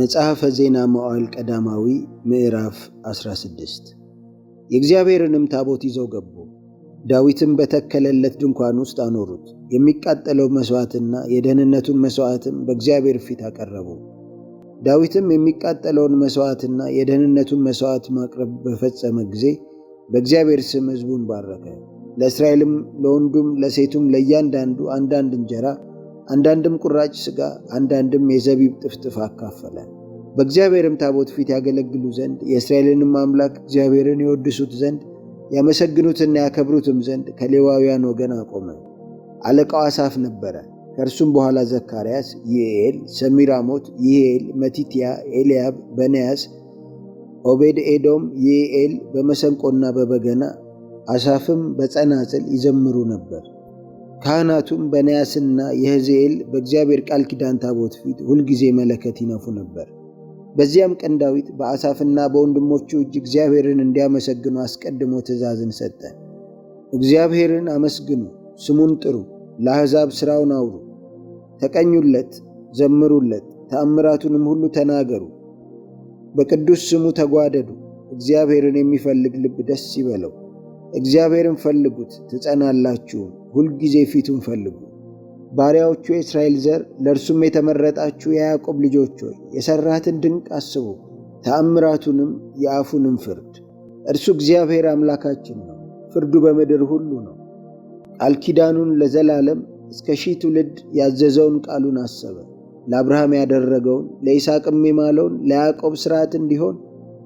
መጽሐፈ ዜና መዋዕል ቀዳማዊ ምዕራፍ 16 የእግዚአብሔርንም ታቦት ይዘው ገቡ። ዳዊትም በተከለለት ድንኳን ውስጥ አኖሩት። የሚቃጠለው መሥዋዕትና የደህንነቱን መሥዋዕትም በእግዚአብሔር ፊት አቀረቡ። ዳዊትም የሚቃጠለውን መሥዋዕትና የደህንነቱን መሥዋዕት ማቅረብ በፈጸመ ጊዜ በእግዚአብሔር ስም ሕዝቡን ባረከ። ለእስራኤልም ለወንዱም ለሴቱም ለእያንዳንዱ አንዳንድ እንጀራ አንዳንድም ቁራጭ ሥጋ አንዳንድም የዘቢብ ጥፍጥፍ አካፈለ። በእግዚአብሔርም ታቦት ፊት ያገለግሉ ዘንድ የእስራኤልንም አምላክ እግዚአብሔርን የወድሱት ዘንድ ያመሰግኑትና ያከብሩትም ዘንድ ከሌዋውያን ወገን አቆመ። አለቃው አሳፍ ነበረ። ከእርሱም በኋላ ዘካርያስ፣ ይኤል፣ ሰሚራሞት፣ ይኤል፣ መቲትያ፣ ኤልያብ፣ በንያስ፣ ኦቤድ ኤዶም፣ ይኤል በመሰንቆና በበገና አሳፍም በጸናጽል ይዘምሩ ነበር። ካህናቱም በነያስና የሕዝኤል በእግዚአብሔር ቃል ኪዳን ታቦት ፊት ሁልጊዜ መለከት ይነፉ ነበር። በዚያም ቀን ዳዊት በአሳፍና በወንድሞቹ እጅ እግዚአብሔርን እንዲያመሰግኑ አስቀድሞ ትእዛዝን ሰጠ። እግዚአብሔርን አመስግኑ፣ ስሙን ጥሩ፣ ለአሕዛብ ሥራውን አውሩ፣ ተቀኙለት፣ ዘምሩለት፣ ተአምራቱንም ሁሉ ተናገሩ፣ በቅዱስ ስሙ ተጓደዱ፣ እግዚአብሔርን የሚፈልግ ልብ ደስ ይበለው እግዚአብሔርን ፈልጉት ትጸናላችሁ፣ ሁልጊዜ ፊቱን ፈልጉ። ባሪያዎቹ የእስራኤል ዘር ለእርሱም የተመረጣችሁ የያዕቆብ ልጆች ሆይ የሠራትን ድንቅ አስቡ፣ ተአምራቱንም የአፉንም ፍርድ። እርሱ እግዚአብሔር አምላካችን ነው፣ ፍርዱ በምድር ሁሉ ነው። ቃል ኪዳኑን ለዘላለም እስከ ሺህ ትውልድ ያዘዘውን ቃሉን አሰበ። ለአብርሃም ያደረገውን ለይስሐቅም የማለውን ለያዕቆብ ሥርዓት እንዲሆን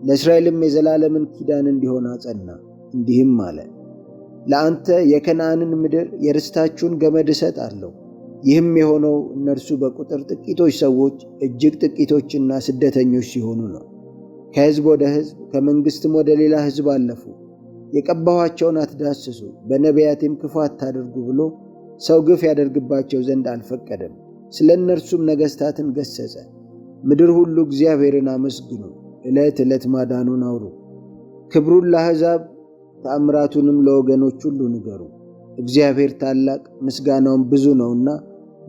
ለእስራኤልም የዘላለምን ኪዳን እንዲሆን አጸና። እንዲህም አለ፣ ለአንተ የከነዓንን ምድር የርስታችሁን ገመድ እሰጣለሁ። ይህም የሆነው እነርሱ በቁጥር ጥቂቶች ሰዎች እጅግ ጥቂቶችና ስደተኞች ሲሆኑ ነው። ከሕዝብ ወደ ሕዝብ ከመንግሥትም ወደ ሌላ ሕዝብ አለፉ። የቀባኋቸውን አትዳስሱ፣ በነቢያቴም ክፉ አታደርጉ ብሎ ሰው ግፍ ያደርግባቸው ዘንድ አልፈቀደም። ስለ እነርሱም ነገሥታትን ገሠጸ። ምድር ሁሉ እግዚአብሔርን አመስግኑ፣ ዕለት ዕለት ማዳኑን አውሩ፣ ክብሩን ለአሕዛብ ተአምራቱንም ለወገኖች ሁሉ ንገሩ። እግዚአብሔር ታላቅ ምስጋናውም ብዙ ነውና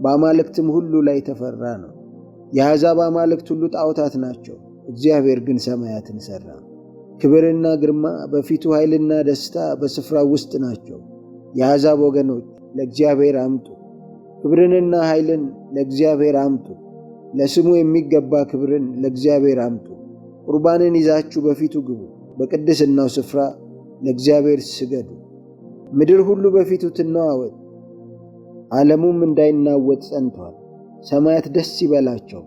በአማልክትም ሁሉ ላይ ተፈራ ነው። የአሕዛብ አማልክት ሁሉ ጣዖታት ናቸው፣ እግዚአብሔር ግን ሰማያትን ሠራ። ክብርና ግርማ በፊቱ ኃይልና ደስታ በስፍራው ውስጥ ናቸው። የአሕዛብ ወገኖች ለእግዚአብሔር አምጡ፣ ክብርንና ኃይልን ለእግዚአብሔር አምጡ፣ ለስሙ የሚገባ ክብርን ለእግዚአብሔር አምጡ። ቁርባንን ይዛችሁ በፊቱ ግቡ፣ በቅድስናው ስፍራ ለእግዚአብሔር ስገዱ፣ ምድር ሁሉ በፊቱ ትነዋወጥ፣ ዓለሙም እንዳይናወጥ ጸንቷል። ሰማያት ደስ ይበላቸው፣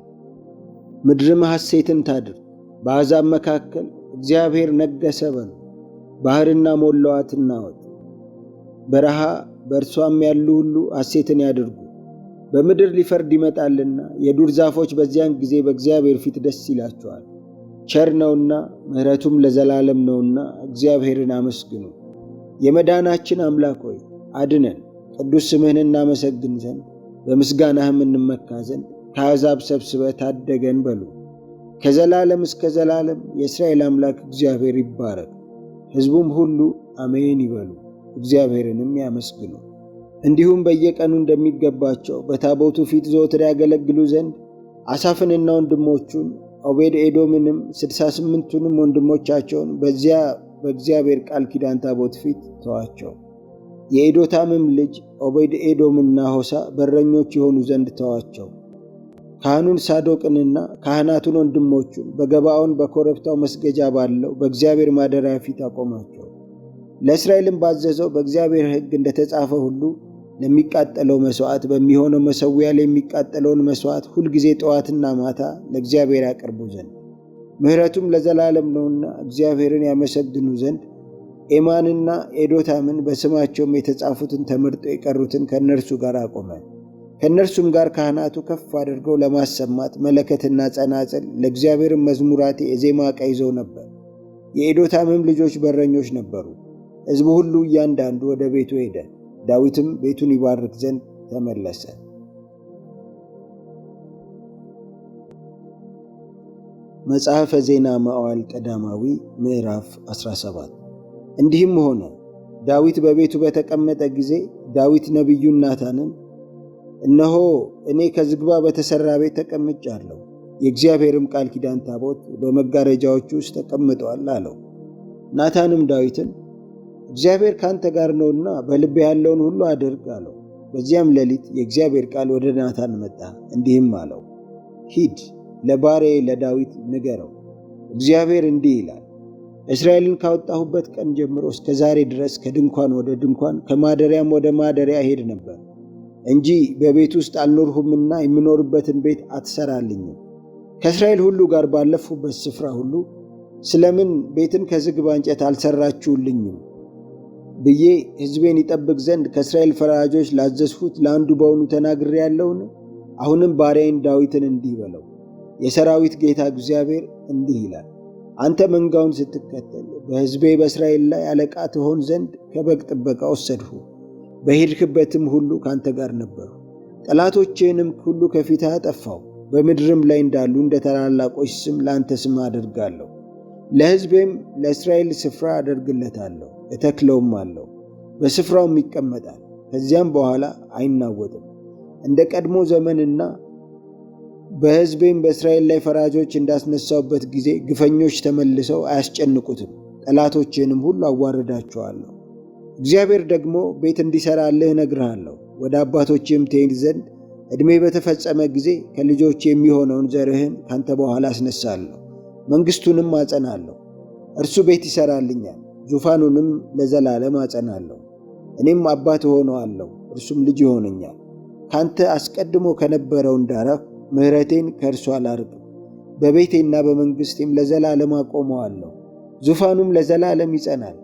ምድርም ሐሴትን ታድር። በአሕዛብ መካከል እግዚአብሔር ነገሠ በሉ። ባሕርና ሞላዋ ትናወጥ፣ በረሃ በእርሷም ያሉ ሁሉ ሐሴትን ያድርጉ። በምድር ሊፈርድ ይመጣልና የዱር ዛፎች በዚያን ጊዜ በእግዚአብሔር ፊት ደስ ይላቸዋል። ቸር ነውና ምሕረቱም ለዘላለም ነውና እግዚአብሔርን አመስግኑ። የመዳናችን አምላክ ሆይ አድነን። ቅዱስ ስምህን እናመሰግን ዘንድ በምስጋናህም እንመካ ዘንድ ከአሕዛብ ሰብስበ ታደገን በሉ። ከዘላለም እስከ ዘላለም የእስራኤል አምላክ እግዚአብሔር ይባረክ። ሕዝቡም ሁሉ አሜን ይበሉ፣ እግዚአብሔርንም ያመስግኑ። እንዲሁም በየቀኑ እንደሚገባቸው በታቦቱ ፊት ዘወትር ያገለግሉ ዘንድ አሳፍንና ወንድሞቹን ኦቤድ ኤዶምንም ስድሳ ስምንቱንም ወንድሞቻቸውን በዚያ በእግዚአብሔር ቃል ኪዳን ታቦት ፊት ተዋቸው። የኤዶታምም ልጅ ኦቤድ ኤዶምና ሆሳ በረኞች የሆኑ ዘንድ ተዋቸው። ካህኑን ሳዶቅንና ካህናቱን ወንድሞቹን በገባኦን በኮረብታው መስገጃ ባለው በእግዚአብሔር ማደሪያ ፊት አቆማቸው። ለእስራኤልም ባዘዘው በእግዚአብሔር ሕግ እንደተጻፈ ሁሉ ለሚቃጠለው መስዋዕት በሚሆነው መሰዊያ ላይ የሚቃጠለውን መስዋዕት ሁልጊዜ ጠዋትና ማታ ለእግዚአብሔር ያቀርቡ ዘንድ ምሕረቱም ለዘላለም ነውና እግዚአብሔርን ያመሰግኑ ዘንድ ኤማንና ኤዶታምን በስማቸውም የተጻፉትን ተመርጦ የቀሩትን ከእነርሱ ጋር አቆመ። ከእነርሱም ጋር ካህናቱ ከፍ አድርገው ለማሰማት መለከትና ጸናጽል ለእግዚአብሔርን መዝሙራቴ የዜማ ዕቃ ይዘው ነበር። የኤዶታምም ልጆች በረኞች ነበሩ። ሕዝቡ ሁሉ እያንዳንዱ ወደ ቤቱ ሄደ። ዳዊትም ቤቱን ይባርክ ዘንድ ተመለሰ። መጽሐፈ ዜና መዋዕል ቀዳማዊ ምዕራፍ 17 እንዲህም ሆነ ዳዊት በቤቱ በተቀመጠ ጊዜ ዳዊት ነቢዩን ናታንን እነሆ እኔ ከዝግባ በተሠራ ቤት ተቀምጫለሁ፣ የእግዚአብሔርም ቃል ኪዳን ታቦት በመጋረጃዎች ውስጥ ተቀምጠዋል አለው። ናታንም ዳዊትን እግዚአብሔር ካንተ ጋር ነውና በልብ ያለውን ሁሉ አድርግ አለው። በዚያም ሌሊት የእግዚአብሔር ቃል ወደ ናታን መጣ፣ እንዲህም አለው፣ ሂድ ለባሪያዬ ለዳዊት ንገረው፣ እግዚአብሔር እንዲህ ይላል፣ እስራኤልን ካወጣሁበት ቀን ጀምሮ እስከ ዛሬ ድረስ ከድንኳን ወደ ድንኳን ከማደሪያም ወደ ማደሪያ ሄድ ነበር እንጂ በቤት ውስጥ አልኖርሁምና የምኖርበትን ቤት አትሰራልኝም። ከእስራኤል ሁሉ ጋር ባለፉበት ስፍራ ሁሉ ስለምን ቤትን ከዝግባ እንጨት አልሰራችሁልኝም? ብዬ ሕዝቤን ይጠብቅ ዘንድ ከእስራኤል ፈራጆች ላዘዝሁት ለአንዱ በውኑ ተናግሬ ያለውን? አሁንም ባሪያዬን ዳዊትን እንዲህ በለው፣ የሰራዊት ጌታ እግዚአብሔር እንዲህ ይላል፣ አንተ መንጋውን ስትከተል በሕዝቤ በእስራኤል ላይ አለቃ ትሆን ዘንድ ከበግ ጥበቃ ወሰድሁ፣ በሄድክበትም ሁሉ ከአንተ ጋር ነበሩ ጠላቶችህንም ሁሉ ከፊትህ አጠፋው። በምድርም ላይ እንዳሉ እንደ ታላላቆች ስም ለአንተ ስም አደርጋለሁ፣ ለሕዝቤም ለእስራኤል ስፍራ አደርግለታለሁ። እተክለውም አለው፣ በስፍራውም ይቀመጣል። ከዚያም በኋላ አይናወጥም። እንደ ቀድሞ ዘመንና በሕዝቤም በእስራኤል ላይ ፈራጆች እንዳስነሳውበት ጊዜ ግፈኞች ተመልሰው አያስጨንቁትም። ጠላቶችንም ሁሉ አዋርዳቸዋለሁ። እግዚአብሔር ደግሞ ቤት እንዲሠራልህ እነግርሃለሁ። ወደ አባቶችም ትሄድ ዘንድ ዕድሜ በተፈጸመ ጊዜ ከልጆች የሚሆነውን ዘርህን ካንተ በኋላ አስነሳለሁ፣ መንግሥቱንም አጸናለሁ። እርሱ ቤት ይሠራልኛል ዙፋኑንም ለዘላለም አጸናለሁ። እኔም አባት እሆነዋለሁ፣ እርሱም ልጅ ይሆነኛል። ካንተ አስቀድሞ ከነበረው እንዳረፍ ምሕረቴን ከእርሱ አላርቅም። በቤቴና በመንግሥቴም ለዘላለም አቆመዋለሁ፣ ዙፋኑም ለዘላለም ይጸናል።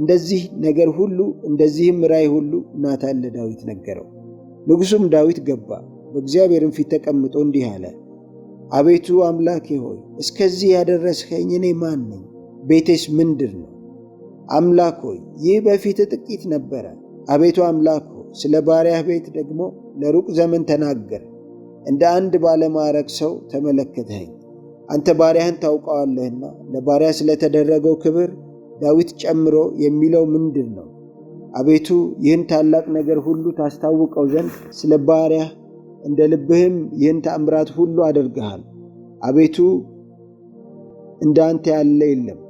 እንደዚህ ነገር ሁሉ እንደዚህም ራእይ ሁሉ ናታን ለዳዊት ነገረው። ንጉሡም ዳዊት ገባ፣ በእግዚአብሔርም ፊት ተቀምጦ እንዲህ አለ። አቤቱ አምላኬ ሆይ እስከዚህ ያደረስኸኝ እኔ ማን ነኝ? ቤቴስ ምንድር ነው? አምላክ ሆይ ይህ በፊት ጥቂት ነበረ። አቤቱ አምላክ ሆይ ስለ ባሪያህ ቤት ደግሞ ለሩቅ ዘመን ተናገር። እንደ አንድ ባለማዕረግ ሰው ተመለከተኝ። አንተ ባሪያህን ታውቀዋለህና ለባሪያ ስለተደረገው ክብር ዳዊት ጨምሮ የሚለው ምንድን ነው? አቤቱ ይህን ታላቅ ነገር ሁሉ ታስታውቀው ዘንድ ስለ ባሪያህ እንደ ልብህም ይህን ተአምራት ሁሉ አድርገሃል። አቤቱ እንደ አንተ ያለ የለም።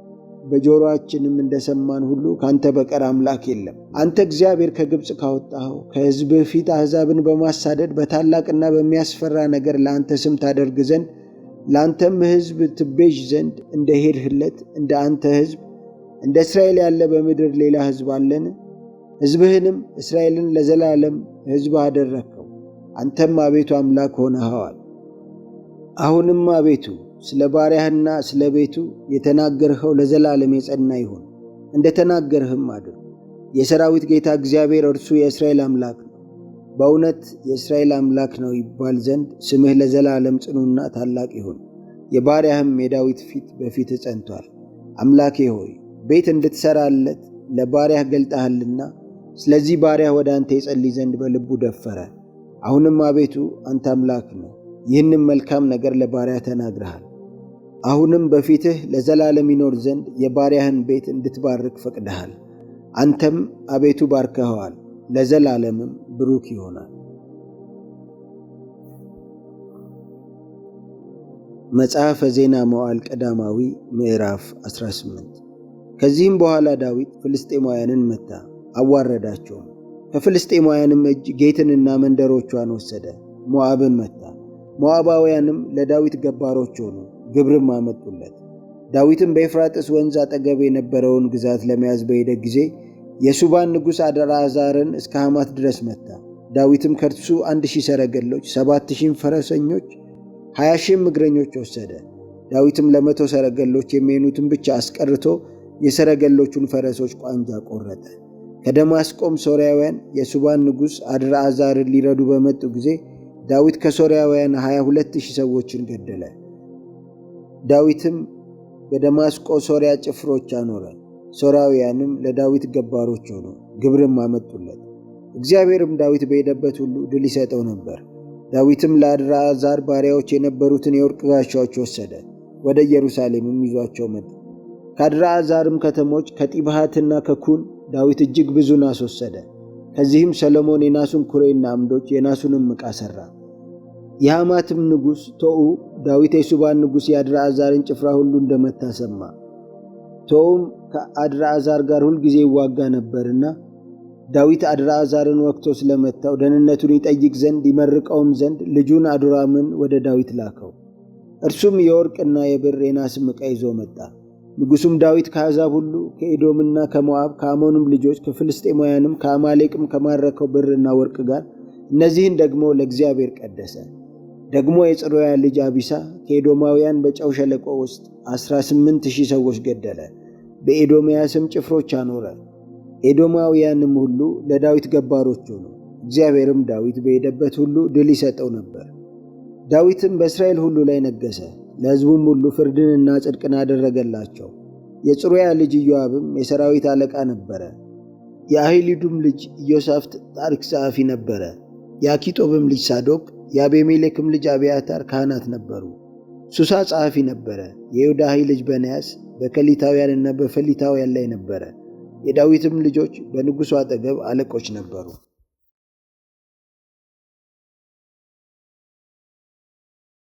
በጆሮአችንም እንደሰማን ሁሉ ከአንተ በቀር አምላክ የለም። አንተ እግዚአብሔር ከግብፅ ካወጣኸው ከሕዝብ ፊት አሕዛብን በማሳደድ በታላቅና በሚያስፈራ ነገር ለአንተ ስም ታደርግ ዘንድ ለአንተም ሕዝብ ትቤዥ ዘንድ እንደ ሄድህለት እንደ አንተ ሕዝብ እንደ እስራኤል ያለ በምድር ሌላ ሕዝብ አለን? ሕዝብህንም እስራኤልን ለዘላለም ሕዝብ አደረግከው። አንተም አቤቱ አምላክ ሆነኸዋል። አሁንም አቤቱ ስለ ባሪያህና ስለ ቤቱ የተናገርኸው ለዘላለም የጸና ይሁን፣ እንደ ተናገርህም አድር። የሰራዊት ጌታ እግዚአብሔር እርሱ የእስራኤል አምላክ ነው። በእውነት የእስራኤል አምላክ ነው ይባል ዘንድ ስምህ ለዘላለም ጽኑና ታላቅ ይሁን። የባሪያህም የዳዊት ፊት በፊት ጸንቷል። አምላኬ ሆይ ቤት እንድትሠራለት ለባሪያህ ገልጠሃልና፣ ስለዚህ ባሪያህ ወደ አንተ የጸልይ ዘንድ በልቡ ደፈረ። አሁንም አቤቱ አንተ አምላክ ነው፣ ይህንም መልካም ነገር ለባሪያህ ተናግረሃል። አሁንም በፊትህ ለዘላለም ይኖር ዘንድ የባሪያህን ቤት እንድትባርክ ፈቅደሃል። አንተም አቤቱ ባርከኸዋል፣ ለዘላለምም ብሩክ ይሆናል። መጽሐፈ ዜና መዋዕል ቀዳማዊ ምዕራፍ 18 ከዚህም በኋላ ዳዊት ፍልስጤማውያንን መታ አዋረዳቸውም። ከፍልስጤማውያንም እጅ ጌትንና መንደሮቿን ወሰደ፣ ሞዓብን መታ። ሞዓባውያንም ለዳዊት ገባሮች ሆኑ፣ ግብርም አመጡለት። ዳዊትም በኤፍራጥስ ወንዝ አጠገብ የነበረውን ግዛት ለመያዝ በሄደ ጊዜ የሱባን ንጉሥ አደራዛርን እስከ ሐማት ድረስ መታ። ዳዊትም ከእርሱ አንድ ሺህ ሰረገሎች፣ ሰባት ሺህም ፈረሰኞች፣ ሀያ ሺህም እግረኞች ወሰደ። ዳዊትም ለመቶ ሰረገሎች የሚሆኑትን ብቻ አስቀርቶ የሰረገሎቹን ፈረሶች ቋንጃ ቆረጠ። ከደማስቆም ሶርያውያን የሱባን ንጉሥ አድርአዛርን ሊረዱ በመጡ ጊዜ ዳዊት ከሶርያውያን 22,000 ሰዎችን ገደለ። ዳዊትም በደማስቆ ሶርያ ጭፍሮች አኖረ። ሶርያውያንም ለዳዊት ገባሮች ሆኑ፣ ግብርም አመጡለት። እግዚአብሔርም ዳዊት በሄደበት ሁሉ ድል ይሰጠው ነበር። ዳዊትም ለአድራዛር ባሪያዎች የነበሩትን የወርቅ ጋሻዎች ወሰደ፣ ወደ ኢየሩሳሌምም ይዟቸው መጣ። ከአድራዛርም ከተሞች ከጢብሃትና ከኩን ዳዊት እጅግ ብዙ ናስ ወሰደ። ከዚህም ሰሎሞን የናሱን ኩሬና አምዶች፣ የናሱንም ዕቃ ሠራ። የሐማትም ንጉሥ ቶዑ ዳዊት የሱባን ንጉሥ የአድርአዛርን ጭፍራ ሁሉ እንደመታ ሰማ። ቶኡም ከአድርአዛር ጋር ሁልጊዜ ይዋጋ ነበርና ዳዊት አድርአዛርን ወቅቶ ስለመታው ደህንነቱን ይጠይቅ ዘንድ ይመርቀውም ዘንድ ልጁን አዱራምን ወደ ዳዊት ላከው። እርሱም የወርቅና የብር የናስም ዕቃ ይዞ መጣ። ንጉሡም ዳዊት ከአሕዛብ ሁሉ ከኤዶምና ከሞዓብ ከአሞንም ልጆች ከፍልስጤማውያንም ከአማሌቅም ከማረከው ብርና ወርቅ ጋር እነዚህን ደግሞ ለእግዚአብሔር ቀደሰ። ደግሞ የጽሩያ ልጅ አቢሳ ከኤዶማውያን በጨው ሸለቆ ውስጥ አስራ ስምንት ሺህ ሰዎች ገደለ፣ በኤዶምያስም ጭፍሮች አኖረ። ኤዶማውያንም ሁሉ ለዳዊት ገባሮች ሆኑ። እግዚአብሔርም ዳዊት በሄደበት ሁሉ ድል ይሰጠው ነበር። ዳዊትም በእስራኤል ሁሉ ላይ ነገሰ፣ ለሕዝቡም ሁሉ ፍርድንና ጽድቅን አደረገላቸው። የጽሩያ ልጅ ኢዮአብም የሰራዊት አለቃ ነበረ። የአሂሊዱም ልጅ ኢዮሳፍት ታሪክ ጸሐፊ ነበረ። የአኪጦብም ልጅ ሳዶቅ የአቤሜሌክም ልጅ አብያታር ካህናት ነበሩ። ሱሳ ጸሐፊ ነበረ። የዮዳሄ ልጅ በንያስ በከሊታውያንና በፈሊታውያን ላይ ነበረ። የዳዊትም ልጆች በንጉሡ አጠገብ አለቆች ነበሩ።